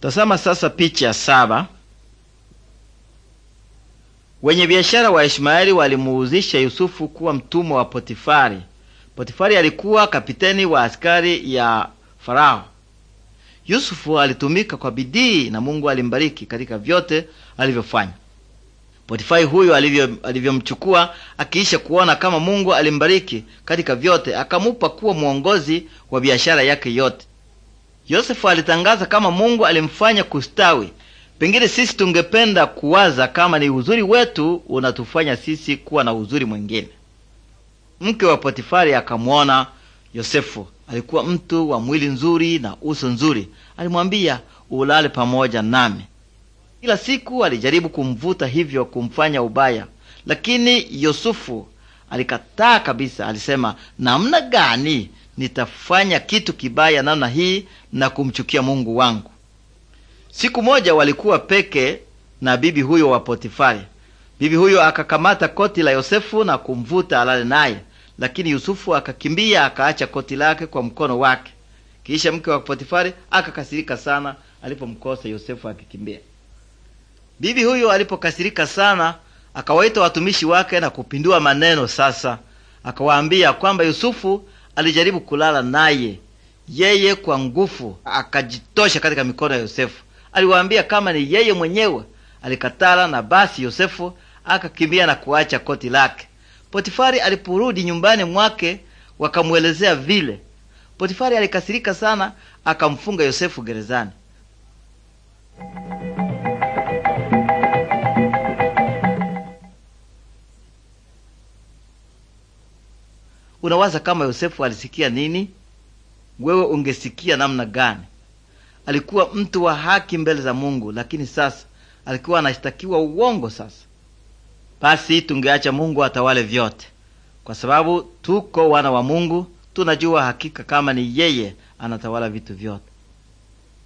Tazama sasa picha ya saba. Wenye biashara wa Ishmaeli walimuuzisha Yusufu kuwa mtumwa wa Potifari. Potifari alikuwa kapiteni wa askari ya Farao. Yusufu alitumika kwa bidii na Mungu alimbariki katika vyote alivyofanya. Potifari huyo alivyomchukua akiisha kuona kama Mungu alimbariki katika vyote, akamupa kuwa mwongozi wa biashara yake yote. Yosefu alitangaza kama Mungu alimfanya kustawi. Pengine sisi tungependa kuwaza kama ni uzuri wetu unatufanya sisi kuwa na uzuri mwingine. Mke wa Potifari akamwona Yosefu, alikuwa mtu wa mwili nzuri na uso nzuri. Alimwambia, ulale pamoja nami. Kila siku alijaribu kumvuta, hivyo kumfanya ubaya, lakini yosufu alikataa kabisa. Alisema, namna gani nitafanya kitu kibaya namna hii na kumchukia Mungu wangu. Siku moja walikuwa peke na bibi huyo wa Potifari. Bibi huyo akakamata koti la Yosefu na kumvuta alale naye, lakini Yusufu akakimbia akaacha koti lake kwa mkono wake. Kisha mke wa Potifari akakasirika sana alipomkosa Yosefu akikimbia. Bibi huyo alipokasirika sana, akawaita watumishi wake na kupindua maneno. Sasa akawaambia kwamba Yusufu alijaribu kulala naye, yeye kwa nguvu akajitosha katika mikono ya Yosefu. Aliwaambia kama ni yeye mwenyewe, alikatala, na basi Yosefu akakimbia na kuacha koti lake. Potifari aliporudi nyumbani mwake, wakamwelezea vile. Potifari alikasirika sana, akamfunga Yosefu gerezani. Unawaza kama Yosefu alisikia nini? Wewe ungesikia namna gani? Alikuwa mtu wa haki mbele za Mungu, lakini sasa alikuwa anashtakiwa uongo. Sasa basi, tungeacha Mungu atawale vyote, kwa sababu tuko wana wa Mungu. Tunajua hakika kama ni yeye anatawala vitu vyote.